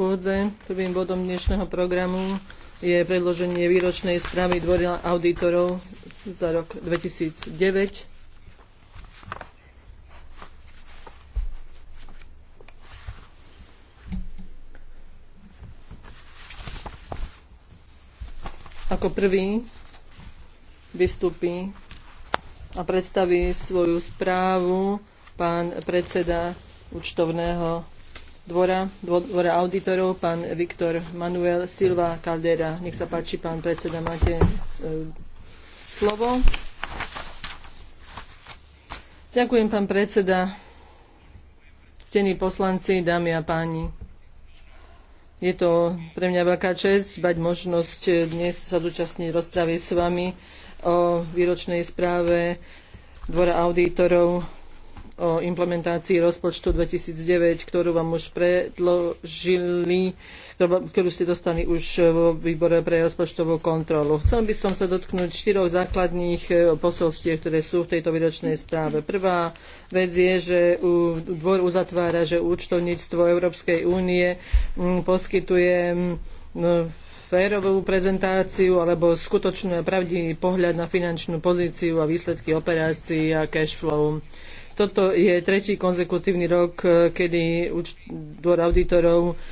schôdze. Prvým bodom dnešného programu je predloženie výročnej správy Dvora auditorov za rok 2009. Ako prvý vystúpi a predstaví svoju správu pán predseda účtovného dvora, dvora auditorov, pán Viktor Manuel Silva Caldera. Nech sa páči, pán predseda, máte e, slovo. Ďakujem, pán predseda. Ctení poslanci, dámy a páni. Je to pre mňa veľká čest mať možnosť dnes sa zúčastniť rozpravy s vami o výročnej správe Dvora auditorov o implementácii rozpočtu 2009, ktorú vám už predložili, ktorú ste dostali už vo výbore pre rozpočtovú kontrolu. Chcel by som sa dotknúť štyroch základných e, posolstiev, ktoré sú v tejto výročnej správe. Prvá vec je, že dvor uzatvára, že účtovníctvo Európskej únie poskytuje no, férovú prezentáciu alebo skutočný a pravdivý pohľad na finančnú pozíciu a výsledky operácií a cash flow. Toto je tretí konzekutívny rok, eh, kedy dvor auditorov